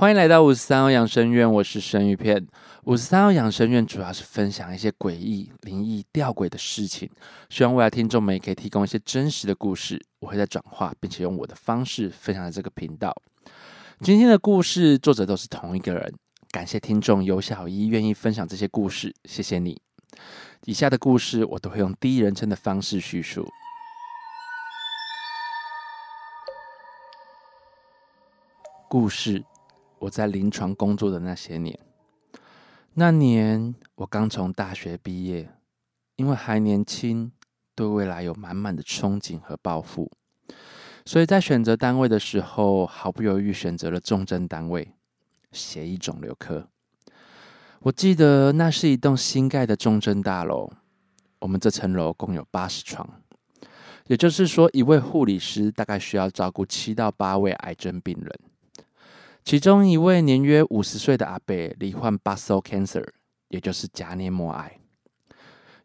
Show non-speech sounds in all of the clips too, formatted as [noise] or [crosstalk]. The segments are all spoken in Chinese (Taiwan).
歡迎來到五十三號養生怨，我是生魚片。五十三號養生怨主要是分享一些詭異、靈異、弔詭的事情，希望未來聽眾們也可以提供一些真實的故事，我會在轉化，並且用我的方式分享到這個頻道。今天的故事作者都是同一個人，感謝聽眾有小一願意分享這些故事，謝謝你。以下的故事我都會用第一人稱的方式敘述。故事。我在臨床工作的那些年，那年我剛從大學畢業，因為還年輕，對未來有滿滿的憧憬和抱負，所以在選擇單位的時候，毫不猶豫選擇了重症單位——血液腫瘤科。我記得那是一棟新蓋的重症大樓，我們這層樓共有八十床，也就是說，一位護理師大概需要照顧七到八位癌症病人。其中一位年約五十歲的阿伯罹患 buccal cancer，也就是頰黏膜癌。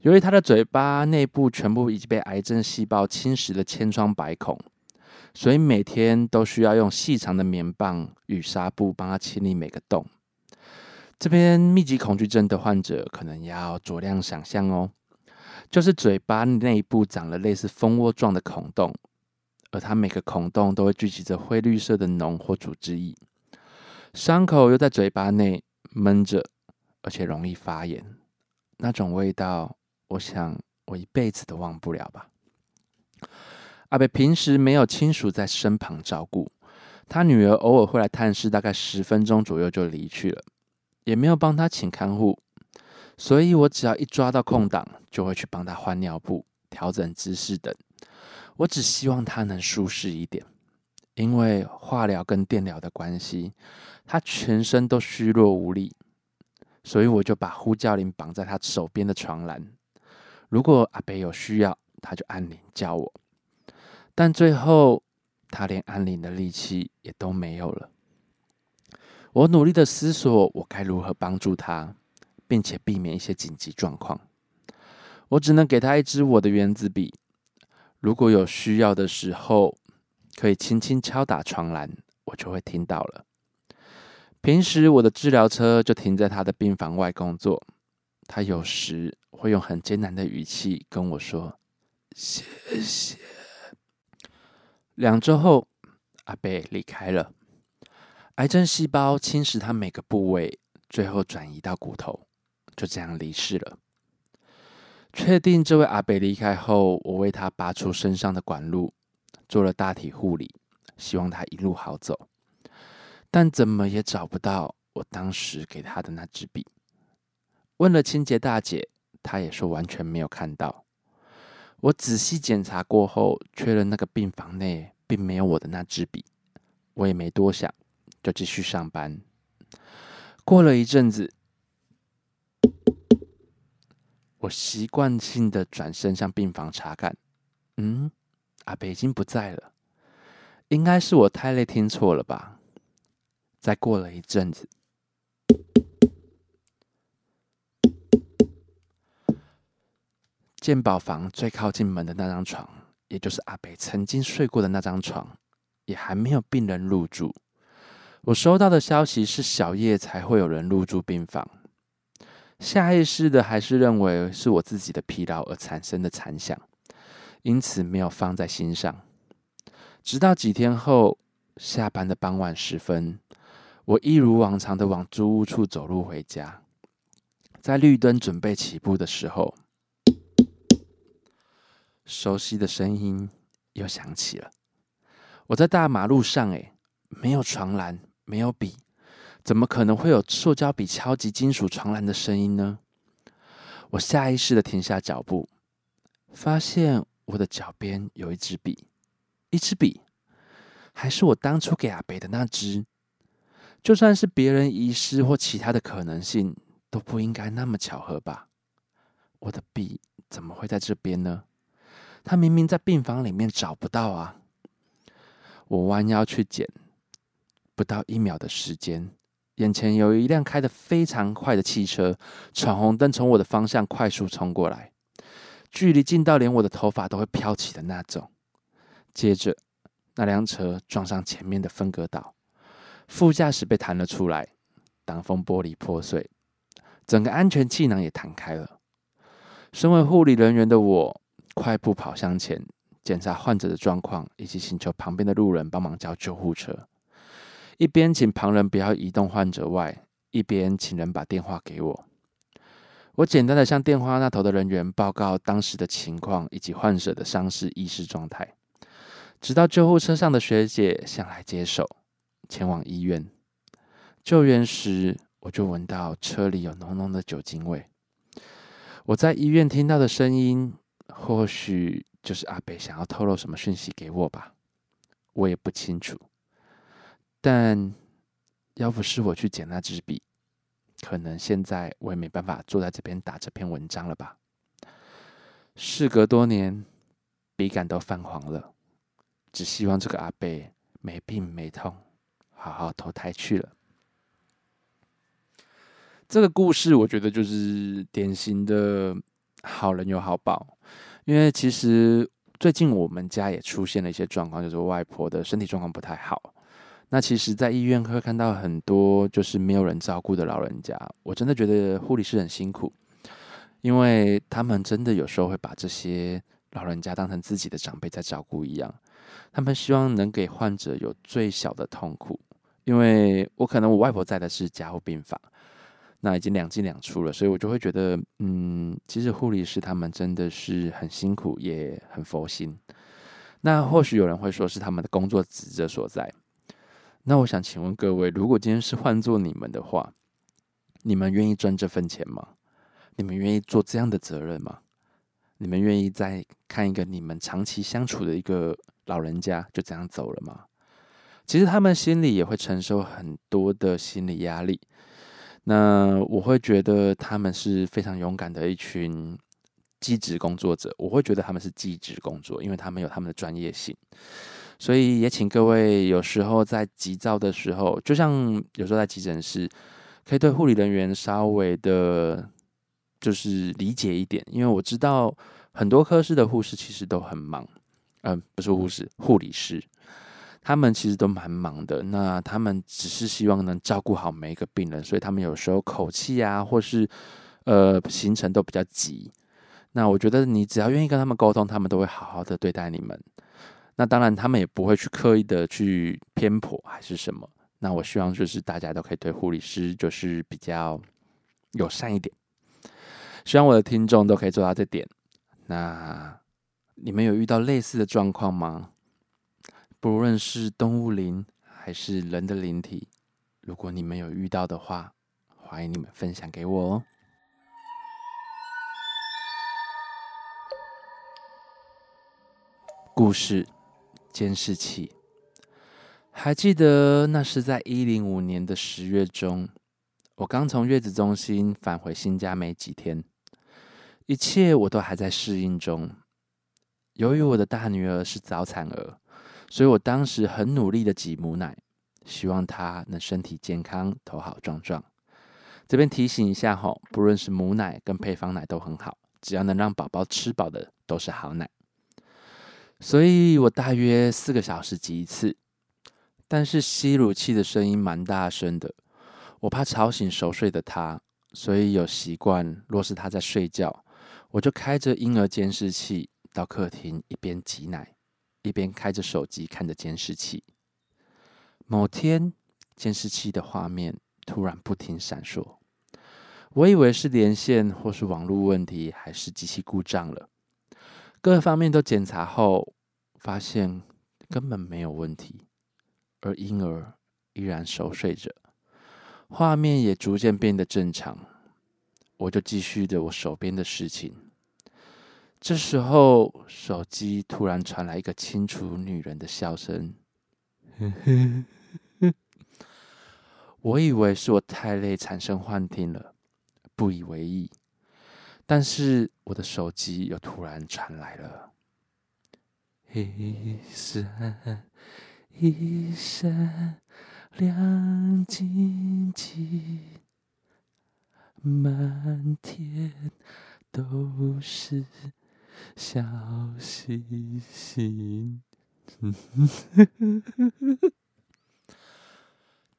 由於他的嘴巴內部全部已經被癌症細胞侵蝕得千瘡百孔，所以每天都需要用細長的棉棒與紗布幫他清理每個洞。這邊密集恐懼症的患者可能要酌量想象哦，就是嘴巴內部長了類似蜂窩狀的孔洞，而他每個孔洞都會聚集着灰綠色的膿或組織液。傷口又在嘴巴內悶着，而且容易發炎，那種味道，我想我一輩子都忘不了吧。阿伯平時沒有親屬在身旁照顧，他女兒偶爾會來探視，大概十分鐘左右就離去了，也沒有幫他請看護，所以我只要一抓到空檔，就會去幫他換尿布、調整姿勢等。我只希望他能舒適一點。因為化療跟電療的關係，他全身都虛弱無力，所以我就把呼叫鈴綁在他手邊的床欄。如果阿伯有需要，他就按鈴叫我。但最後，他連按鈴的力氣也都沒有了。我努力的思索，我該如何幫助他，並且避免一些緊急狀況。我只能給他一支我的原子筆，如果有需要的時候。可以輕輕敲打床欄，我就會聽到了。平時我的治療車就停在他的病房外工作。他有時會用很艱難的語氣跟我說：“謝謝。”兩周後，阿伯離開了。癌症細胞侵蝕他每個部位，最後轉移到骨頭，就這樣離世了。確定這位阿伯離開後，我為他拔出身上的管路。做了大體護理，希望他一路好走。但怎麼也找不到我當時給他的那支筆。問了清潔大姐，她也說完全沒有看到。我仔細檢查過後，確認那個病房內並沒有我的那支筆。我也沒多想，就繼續上班。過了一陣子，我習慣性的轉身向病房查看。嗯。阿北已經不在了，應該是我太累聽錯了吧。再過了一陣子，健保房最靠近門的那張床，也就是阿北曾經睡過的那張床，也還沒有病人入住。我收到的消息是小夜才會有人入住病房，下意識的還是認為是我自己的疲勞而產生的殘響。因此沒有放在心上，直到幾天後下班的傍晚時分，我一如往常的往租屋處走路回家，在綠燈準備起步的時候，熟悉的聲音又響起了。我在大馬路上，哎，沒有床欄，沒有筆，怎麼可能會有塑膠筆敲擊金屬床欄的聲音呢？我下意識的停下腳步，發現。我的腳邊有一支筆，一支筆，還是我當初給阿北的那支。就算是別人遺失或其他的可能性，都不應該那麼巧合吧？我的筆怎麼會在這邊呢？他明明在病房裡面找不到啊！我彎腰去撿，不到一秒的時間，眼前有一輛開得非常快的汽車，闖紅燈從我的方向快速衝過來。距離近到連我的頭髮都會飄起的那種。接着，那輛車撞上前面的分隔島，副駕駛被彈了出來，擋風玻璃破碎，整個安全氣囊也彈開了。身為護理人員的我，快步跑向前，檢查患者的狀況，以及請求旁邊的路人幫忙叫救護車。一邊請旁人不要移動患者外，一邊請人把電話給我。我簡單的向電話那頭的人員報告當時的情況以及患者的傷勢、意識狀態，直到救護車上的學姐想來接手，前往醫院救援時，我就聞到車裡有濃濃的酒精味。我在醫院聽到的聲音，或許就是阿北想要透露什麼訊息給我吧，我也不清楚。但要不是我去撿那支筆。可能現在我也沒辦法坐在這邊打這篇文章了吧？事隔多年，筆桿都泛黃了，只希望這個阿伯沒病沒痛，好好投胎去了。這個故事我覺得就是典型的好人有好報，因為其實最近我們家也出現了一些狀況，就是外婆的身體狀況不太好。那其實，在醫院會看到很多就是沒有人照顧的老人家，我真的覺得護理師很辛苦，因為他們真的有時候會把這些老人家當成自己的長輩在照顧一樣。他們希望能給患者有最小的痛苦。因為我可能我外婆在的是加護病房，那已經兩進兩出了，所以我就會覺得，嗯，其實護理師他們真的是很辛苦，也很佛心。那或許有人會說是他們的工作職責所在。那我想請問各位，如果今天是換做你們的話，你們願意賺這份錢嗎？你們願意做這樣的責任嗎？你們願意再看一個你們長期相處的一個老人家就這樣走了嗎？其實他們心裡也會承受很多的心理壓力。那我會覺得他們是非常勇敢的一群技職工作者。我會覺得他們是技職工作，因為他們有他們的專業性。所以也請各位，有時候在急躁的時候，就像有時候在急診室，可以對護理人員稍微的，就是理解一點，因為我知道很多科室的護士其實都很忙，呃，不是護士，護理師，他們其實都蠻忙的。那他們只是希望能照顧好每一個病人，所以他們有時候口氣啊，或是呃，行程都比較急。那我覺得你只要願意跟他們溝通，他們都會好好的對待你們。那當然，他們也不會去刻意的去偏頗還是什麼。那我希望就是大家都可以對護理師就是比較友善一點，希望我的聽眾都可以做到這點。那你們有遇到類似的狀況嗎？不論是動物靈還是人的靈體，如果你們有遇到的話，歡迎你們分享給我哦。故事。監視器，還記得那是在一零五年的十月中，我剛從月子中心返回新家沒幾天，一切我都還在適應中。由於我的大女兒是早產兒，所以我當時很努力的擠母奶，希望她能身體健康、頭好壯壯。這邊提醒一下哈，不論是母奶跟配方奶都很好，只要能讓寶寶吃飽的都是好奶。所以我大約四個小時擠一次，但是吸乳器的聲音蠻大聲的，我怕吵醒熟睡的他，所以有習慣，若是他在睡覺，我就開着嬰兒監視器到客廳，一邊擠奶，一邊開着手機看着監視器。某天，監視器的畫面突然不停閃爍，我以為是連線或是網路問題，還是機器故障了，各方面都檢查後，發現根本沒有問題，而嬰兒依然熟睡着，畫面也逐漸變得正常。我就繼續着我手邊的事情。這時候，手機突然傳來一個清楚女人的笑聲， [laughs] 我以為是我太累產生幻聽了，不以為意。但是我的手機又突然傳來了。一閃一閃亮晶晶，滿天都是小星星。 [laughs]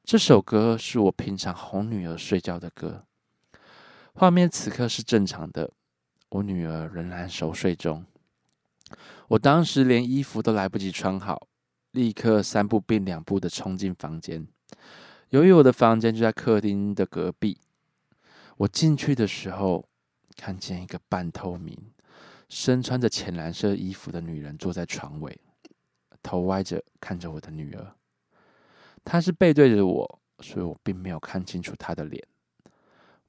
這首歌是我平常哄女兒睡覺的歌。畫面此刻是正常的，我女兒仍然熟睡中。我當時連衣服都來不及穿好，立刻三步並兩步的衝進房間。由於我的房間就在客廳的隔壁，我進去的時候看見一個半透明、身穿着淺藍色衣服的女人坐在床尾，頭歪着看着我的女兒。她是背對着我，所以我並沒有看清楚她的臉。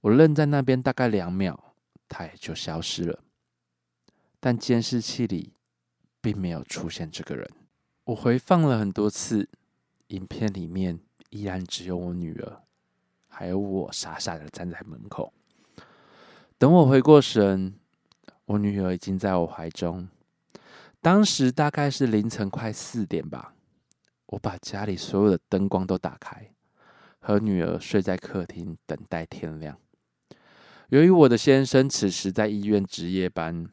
我愣在那邊大概兩秒，她也就消失了。但監視器裡。並沒有出現這個人。我回放了很多次，影片裡面依然只有我女兒，還有我傻傻的站在門口。等我回過神，我女兒已經在我懷中。當時大概是凌晨快四點吧，我把家裡所有的燈光都打開，和女兒睡在客廳等待天亮。由於我的先生此時在醫院值夜班。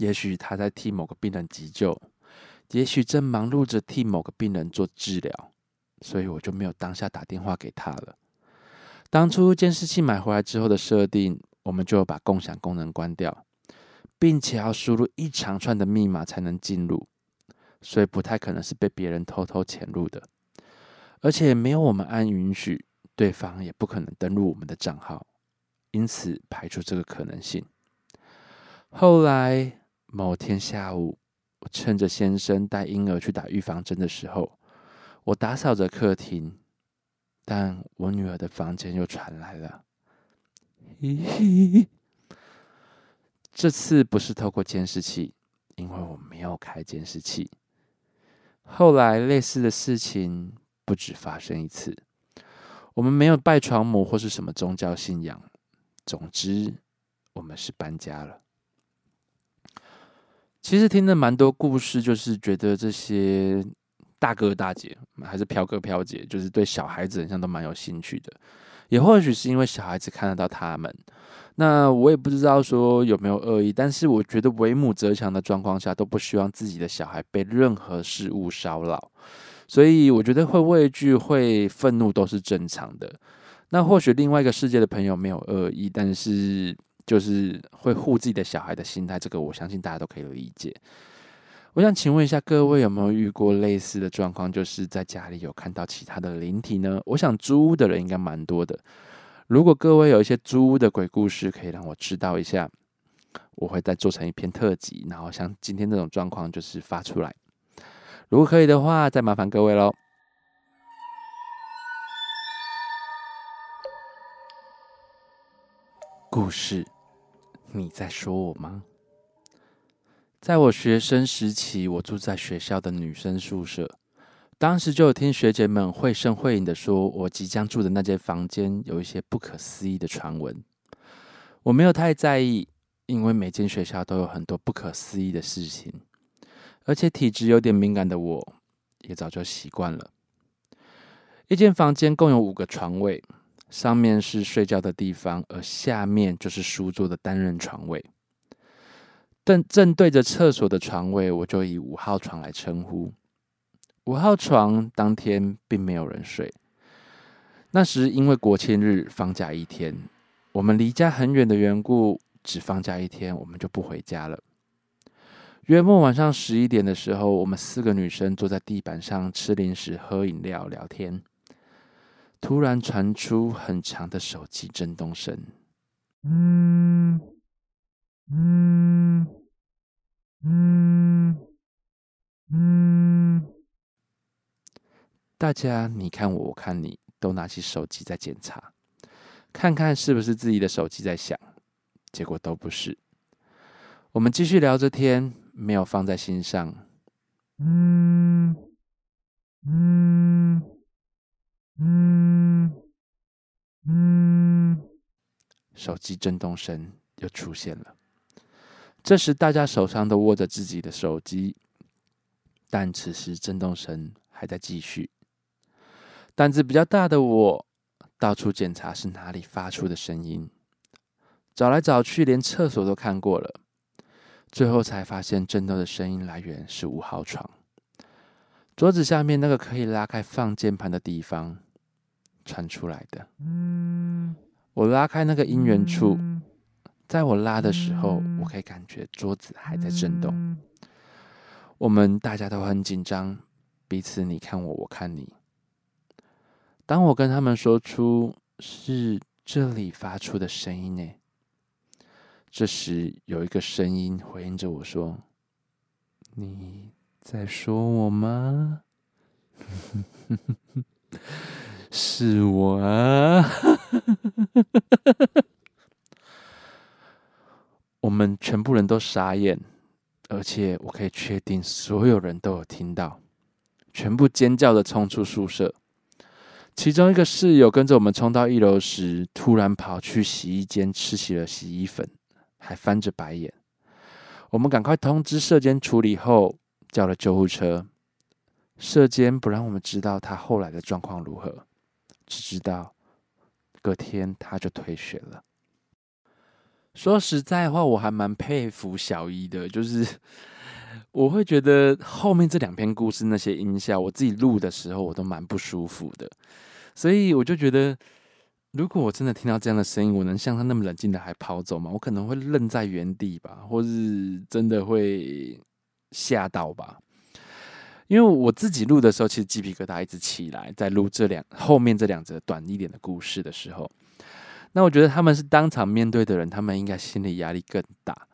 也許他在替某個病人急救，也許正忙碌着替某個病人做治療，所以我就沒有當下打電話給他了。當初監視器買回來之後的設定，我們就要把共享功能關掉，並且要輸入一長串的密碼才能進入，所以不太可能是被別人偷偷潛入的。而且沒有我們按允許，對方也不可能登錄我們的賬號，因此排除這個可能性。後來。某天下午，我趁着先生帶嬰兒去打預防針的時候，我打掃着客廳，但我女兒的房間又傳來了。嘿嘿。這次不是透過監視器，因為我沒有開監視器。後來類似的事情不止發生一次。我們沒有拜床母或是什麼宗教信仰，總之，我們是搬家了。其實聽了蠻多故事，就是覺得這些大哥大姐還是飄哥飄姐，就是對小孩子好像都蠻有興趣的。也或許是因為小孩子看得到他們，那我也不知道說有沒有惡意，但是我覺得為母則強的狀況下，都不希望自己的小孩被任何事物騷擾，所以我覺得會畏懼、會憤怒都是正常的。那或許另外一個世界的朋友沒有惡意，但是。就是會護自己的小孩的心態，這個我相信大家都可以理解。我想請問一下各位，有沒有遇過類似的狀況？就是在家裡有看到其他的靈體呢？我想租屋的人應該蠻多的。如果各位有一些租屋的鬼故事，可以讓我知道一下，我會再做成一篇特輯。然後像今天這種狀況，就是發出來。如果可以的話，再麻煩各位嘍。故事。你在說我嗎？在我學生時期，我住在學校的女生宿舍，當時就有聽學姐們繪聲繪影的說，我即將住的那間房間有一些不可思議的傳聞。我沒有太在意，因為每間學校都有很多不可思議的事情，而且體質有點敏感的我，也早就習慣了。一間房間共有五個床位。上面是睡覺的地方，而下面就是書桌的單人床位。正正對着廁所的床位，我就以五號床來稱呼。五號床當天並沒有人睡。那時因為國慶日放假一天，我們離家很遠的緣故，只放假一天，我們就不回家了。約莫晚上十一點的時候，我們四個女生坐在地板上吃零食、喝飲料、聊天。突然傳出很長的手機震動聲，嗯嗯嗯嗯，大家你看我，我看你，都拿起手機在檢查，看看是不是自己的手機在響，結果都不是。我們繼續聊着天，沒有放在心上，嗯嗯。嗯嗯，手機震動聲又出現了。這時，大家手上都握着自己的手機，但此時震動聲還在繼續。膽子比較大的我，到處檢查是哪裡發出的聲音，找來找去，連廁所都看過了，最後才發現震動的聲音來源是五號床桌子下面那個可以拉開放鍵盤的地方傳出來的。我拉開那個音源處，在我拉的時候，我可以感覺桌子還在震動。我們大家都很緊張，彼此你看我，我看你。當我跟他們說出是這裡發出的聲音呢，這時有一個聲音回應着我說：“你在說我嗎？” [laughs] 是我、啊， [laughs] [laughs] 我們全部人都傻眼，而且我可以確定所有人都有聽到，全部尖叫著衝出宿舍。其中一個室友跟着我們衝到一樓時，突然跑去洗衣間吃起了洗衣粉，還翻着白眼。我們趕快通知舍監處理後，叫了救護車。舍監不讓我們知道他後來的狀況如何。只知道隔天他就退學了。說實在話，我還蠻佩服小姨的，就是我會覺得後面這兩篇故事那些音效，我自己錄的時候我都蠻不舒服的。所以我就覺得，如果我真的聽到這樣的聲音，我能像他那麼冷靜的還跑走嗎？我可能會愣在原地吧，或是真的會嚇到吧。因為我自己錄的時候，其實雞皮疙瘩一直起來。在錄這兩後面這兩則短一點的故事的時候，那我覺得他們是當場面對的人，他們應該心理壓力更大。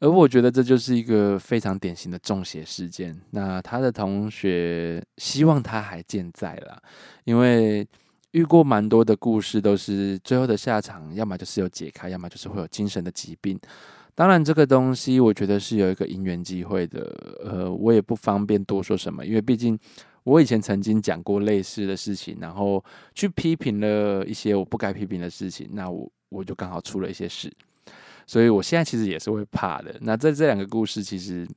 而我覺得這就是一個非常典型的中邪事件。那他的同學希望他還健在了還健在啦，因為遇過蠻多的故事，都是最後的下場，要麼就是有解開，要麼就是會有精神的疾病。當然，這個東西我覺得是有一個因緣機會的。呃，我也不方便多說什麼，因為畢竟我以前曾經講過類似的事情，然後去批評了一些我不該批評的事情，那我我就剛好出了一些事，所以我現在其實也是會怕的。那在這兩個故事，其實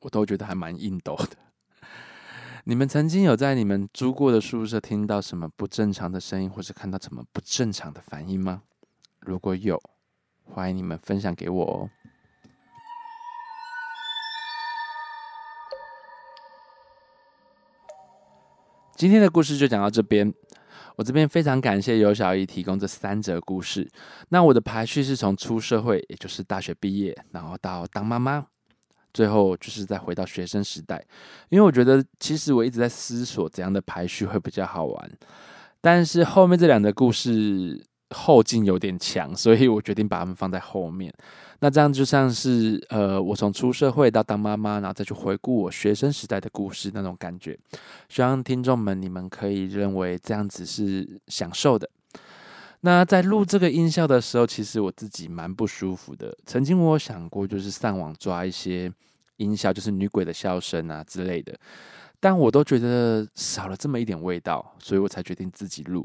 我都覺得還蠻硬斗的。你們曾經有在你們租過的宿舍聽到什麼不正常的聲音，或是看到什麼不正常的反應嗎？如果有？歡迎你們分享給我哦。今天的故事就講到這邊，我這邊非常感謝尤小姨提供這三則故事。那我的排序是從出社會，也就是大學畢業，然後到當媽媽，最後就是再回到學生時代。因為我覺得，其實我一直在思索怎樣的排序會比較好玩。但是後面這兩個故事。後勁有點強，所以我決定把它們放在後面。那這樣就像是呃，我從出社會到當媽媽，然後再去回顧我學生時代的故事那種感覺。希望聽眾們你們可以認為這樣子是享受的。那在錄這個音效的時候，其實我自己蠻不舒服的。曾經我有想過，就是上網抓一些音效，就是女鬼的笑聲啊之類的，但我都覺得少了這麼一點味道，所以我才決定自己錄。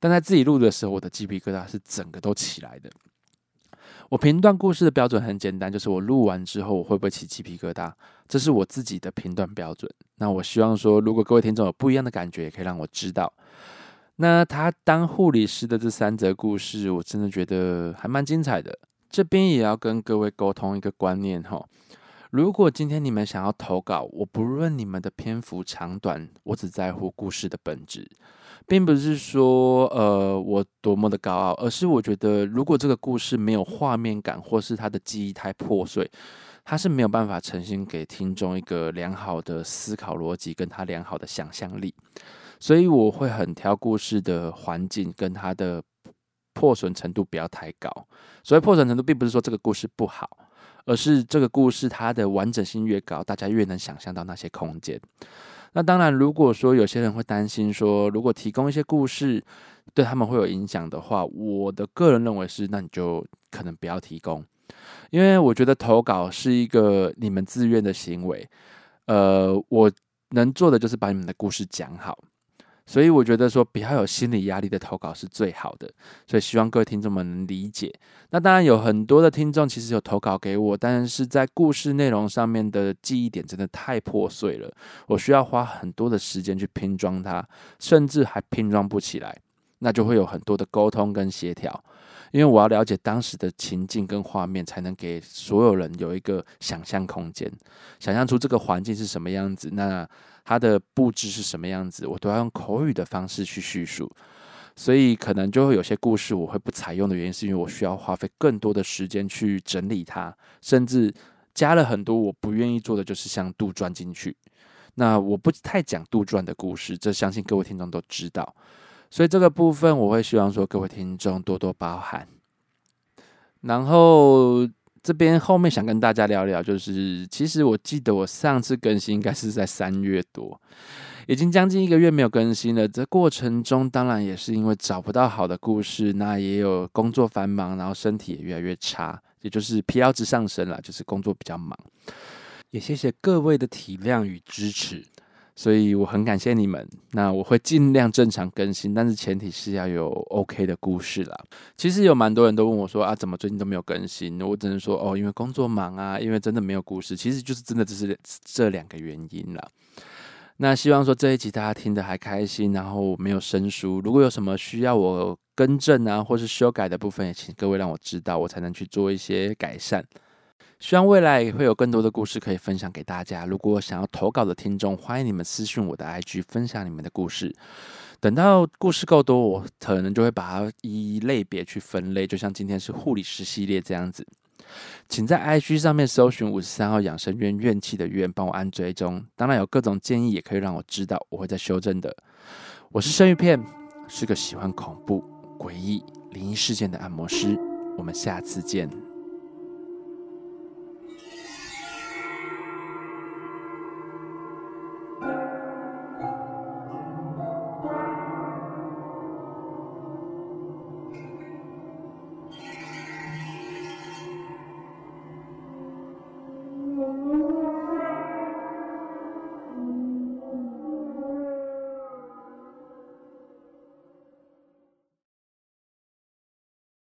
但在自己錄的時候，我的雞皮疙瘩是整個都起來的。我評斷故事的標準很簡單，就是我錄完之後我會不會起雞皮疙瘩，這是我自己的評斷標準。那我希望說，如果各位聽眾有不一樣的感覺，也可以讓我知道。那他當護理師的這三則故事，我真的覺得還蠻精彩的。這邊也要跟各位溝通一個觀念吼。如果今天你們想要投稿，我不論你們的篇幅長短，我只在乎故事的本質，並不是說呃我多麼的高傲，而是我覺得如果這個故事沒有畫面感，或是它的記憶太破碎，它是沒有辦法呈現給聽眾一個良好的思考邏輯，跟他良好的想象力。所以我會很挑故事的環境跟它的破損程度不要太高。所以破損程度，並不是說這個故事不好。而是這個故事它的完整性越高，大家越能想象到那些空間。那當然，如果說有些人會擔心說，如果提供一些故事對他們會有影響的話，我的個人認為是，那你就可能不要提供，因為我覺得投稿是一個你們自願的行為。呃，我能做的就是把你們的故事講好。所以我覺得說比較有心理壓力的投稿是最好的，所以希望各位聽眾們能理解。那當然有很多的聽眾其實有投稿給我，但是在故事內容上面的記憶點真的太破碎了，我需要花很多的時間去拼裝它，甚至還拼裝不起來，那就會有很多的溝通跟協調，因為我要了解當時的情境跟畫面，才能給所有人有一個想象空間，想象出這個環境是什麼樣子。那。它的布置是什麼樣子，我都要用口語的方式去敘述，所以可能就會有些故事我會不採用的原因，是因為我需要花費更多的時間去整理它，甚至加了很多我不願意做的，就是像杜撰進去。那我不太講杜撰的故事，這相信各位聽眾都知道，所以這個部分我會希望說各位聽眾多多包涵。然後。這邊後面想跟大家聊聊，就是其實我記得我上次更新應該是在三月多，已經將近一個月沒有更新了。這過程中當然也是因為找不到好的故事，那也有工作繁忙，然後身體也越來越差，也就是 PL 值上升了，就是工作比較忙。也謝謝各位的體諒與支持。所以我很感謝你們，那我會盡量正常更新，但是前提是要有 OK 的故事啦。其實有蠻多人都問我說啊，怎麼最近都沒有更新？那我只能說哦，因為工作忙啊，因為真的沒有故事，其實就是真的只是這兩個原因啦。那希望說這一集大家聽得還開心，然後沒有生疏。如果有什麼需要我更正啊或是修改的部分，也請各位讓我知道，我才能去做一些改善。希望未來也會有更多的故事可以分享給大家。如果想要投稿的聽眾，歡迎你們私訊我的 IG，分享你們的故事。等到故事夠多，我可能就會把它一一類別，去分類，就像今天是護理師系列這樣子。請在 IG 上面搜尋五十三號養生怨，怨氣的怨，幫我按追蹤。當然有各種建議，也可以讓我知道，我會再修正的。我是生魚片，是個喜歡恐怖、詭異、靈異事件的按摩師。我們下次見。